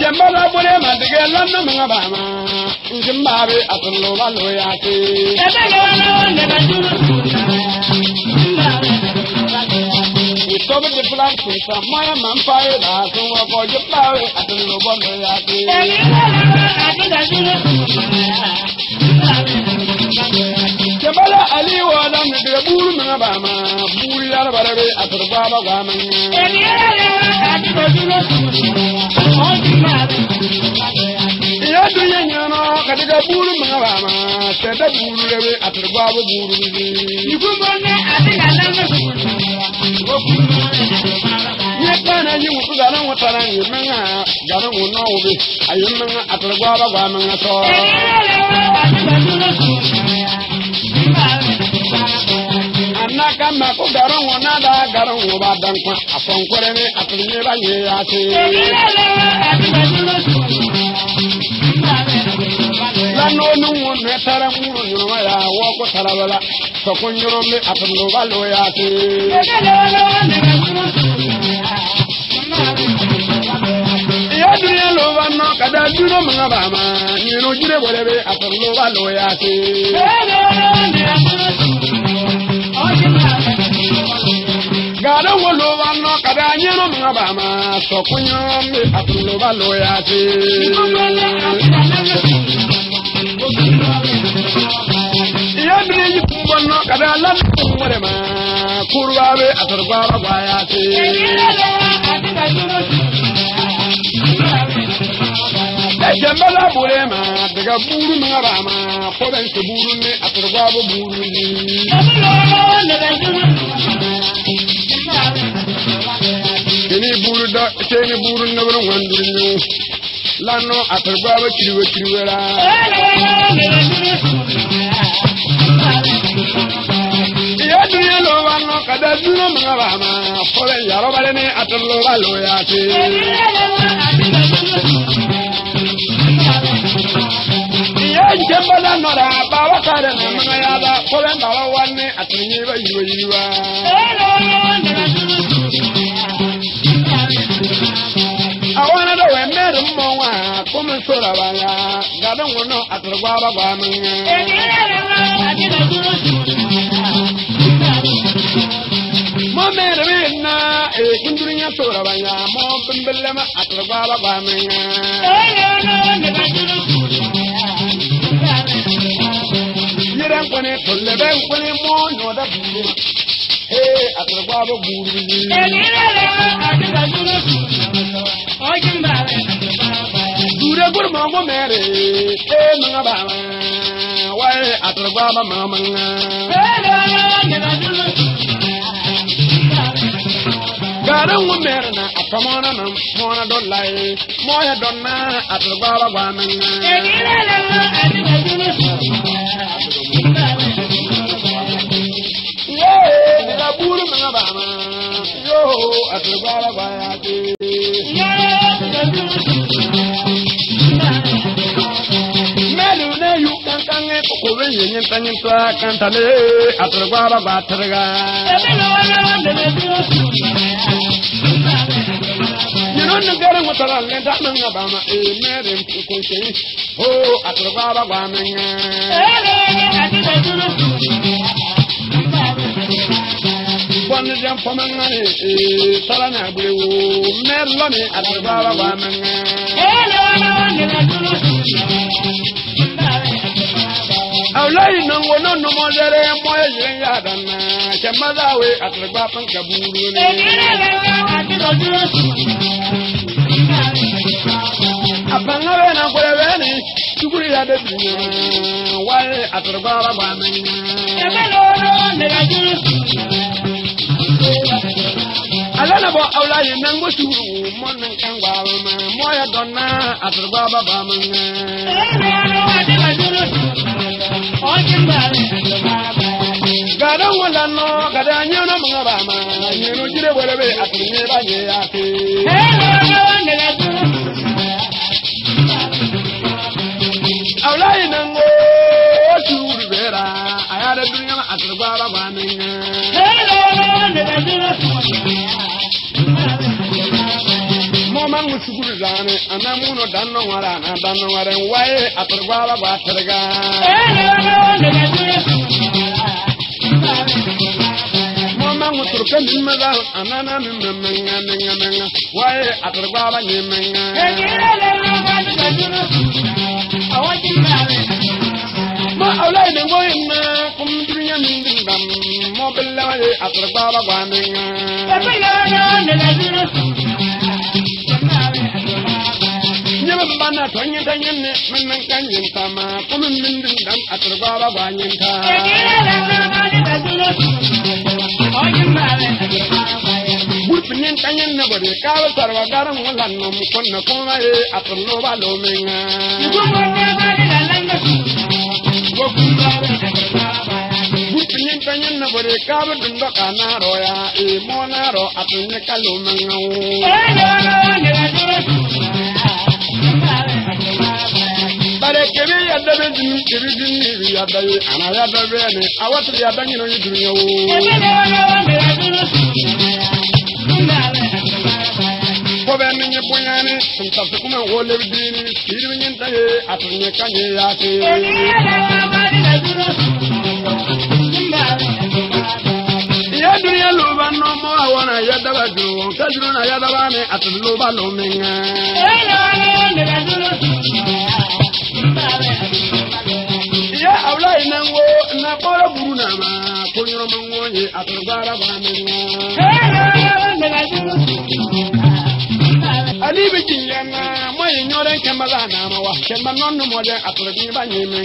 jambala bole madige lanna manga bama njimbabe atullo balo yati ebege wala wonde bajuru Isobe de plan kusa maya mampaye la sunwa ko jimbabe atullo balo yati ebege wala wonde bajuru baba wa ma nya. Èmi yóò lè àti ojú ló sùn sùn, wọ́n ti máa rí. Ìyá dùn yẹn yẹn nọ, búrú màá wà má, sẹ̀dá búrú rẹ̀ wé àtẹ̀gbọ́ àbọ̀ búrú mi. Ìgbìmọ̀ ní àdìgà náà ló sùn sùn, ó kú ní nyɛ kpaana yi wusu gana ŋun tara yi meŋa gana ŋun nɔ wo be a yi meŋa a tere gbɔ ba gba meŋa tɔɔ. ma kó gàrọ̀ wọn náà dá gàrọ̀ wọn bá dán kan àfọ̀nkọ́rẹ́ ní àtúnyẹ́ bá yẹ ya ṣe. lánà olúwo nù ẹ tẹrẹ múlò yorùbá yà wọ́ tara mi ya ṣe. ìyá dúnyẹ́ ló bá ya Kó má bàa máa sọ̀kún yán mi àtúndò bá lọ ya sí. Ìyá mi ní yìí kún bọ́ náà kàdé aláàbò kún wọ́n dẹ̀ máa kúrú wá rí àtọ̀rọ̀gbọ́ àbàgbà ya sí. Ẹ̀jẹ̀ mbẹ́lá bùrẹ̀ máa dẹ̀gẹ̀ búrú mi bàa máa fọ́ bẹ́ẹ̀ ń ṣe búrú ní àtọ̀rọ̀gbọ́ àbò búrú ní. ne buru ne buru wanduru ne lanu atarba ba kiriwe kiriwera ya duniya lo ba no kada duniya ma ba ma fore ya ro bare ne atarlo ba lo ya ti ya jamba da no da ba wa kare ne ma ya da fore ba wa ne atarni ba yiwa yiwa dora baya gadan wono aturgwa ba gwa mun mo mere me na e kundurinya sora baya mo bimbele ma aturgwa ba gwa mun yiran kone tolle ben kone mo nyoda buru Hey, aturgwa ba buru. Hey, aturgwa ba buru. Ojimba guri ma ngu mere e manga ba wai aturgwa ba ma manga garan ngu mere na atamona na mona dolai e, moya donna aturgwa ba gwa manga e gile le ma aturgwa Yeah, I'm a boomer, I'm a yo, aturgwa ba gwa ya ri yi nyin ta nyin ta kan ta le atur gwa ba gwa tur ga nyino ni gari mu tara le da man ga ba ma e me re ko se o atur gwa ba gwa me nga bɔnni dɛm fɔmɛ ŋa ni ee sara ni agbe wo mɛ lɔni atur gwa ba gwa me nga awulayi nongo no numo dere mo ezirin yada na kyemadawe ataragba panka buru ne. apangawe na kore bene tukuri ya de bi wale ataragba raba ne. ala na bɔ awulayi nango sukuru mo ne kan gbawo ma mo ya dɔn na ataragba baba ma. gada wala no gada nyano mga bama nyano jire wala be atine ba ye ate awlai nango shuru vera ayada dunya ma atrba ba baninga man mu sugu zane anamu no danno wara na Oke mi mmega anana mi mmemme nga mi nga mi nga. Waye atarikwa abanye mi nga. Ekele le lo ba ti ka duro. Awo ti mba mi. Mo awla ene ngo ene kum duru nya mi ndi mbam. Mo bela waye atarikwa abagwa mi nga. Ebi ya ya ne la duro. na tonyin tanyin ne min nan kan yin ta ma kuma min din dan a turba ba ba yin ta Gurfinin tanyin na bari kawo sarwa garin wulan nan mukun na kuma ye a turno ba lomin ya. Gurfinin tanyin na bari kawo dundo kanaro ya e monaro a tunye kalomin ya. ebe dị m iri dị m iri ya bịa anara ya bịa bịa ni awatụrụ ya bịa nyere onye duru ya oo. Kɔbɛ mi nye bonyani, ntasi kuma wole bi dini, yiri mi nye nta ye, ati nye ka nye ya se. Iye duniya loba nɔmɔ awɔ na ya daba juru, ka juru na ya daba mi, ati loba lomi ŋa. atubara bamina ali bi jinyana mo yi nyore nke mala na mawa ke ma nonu mo de atubi ba nyime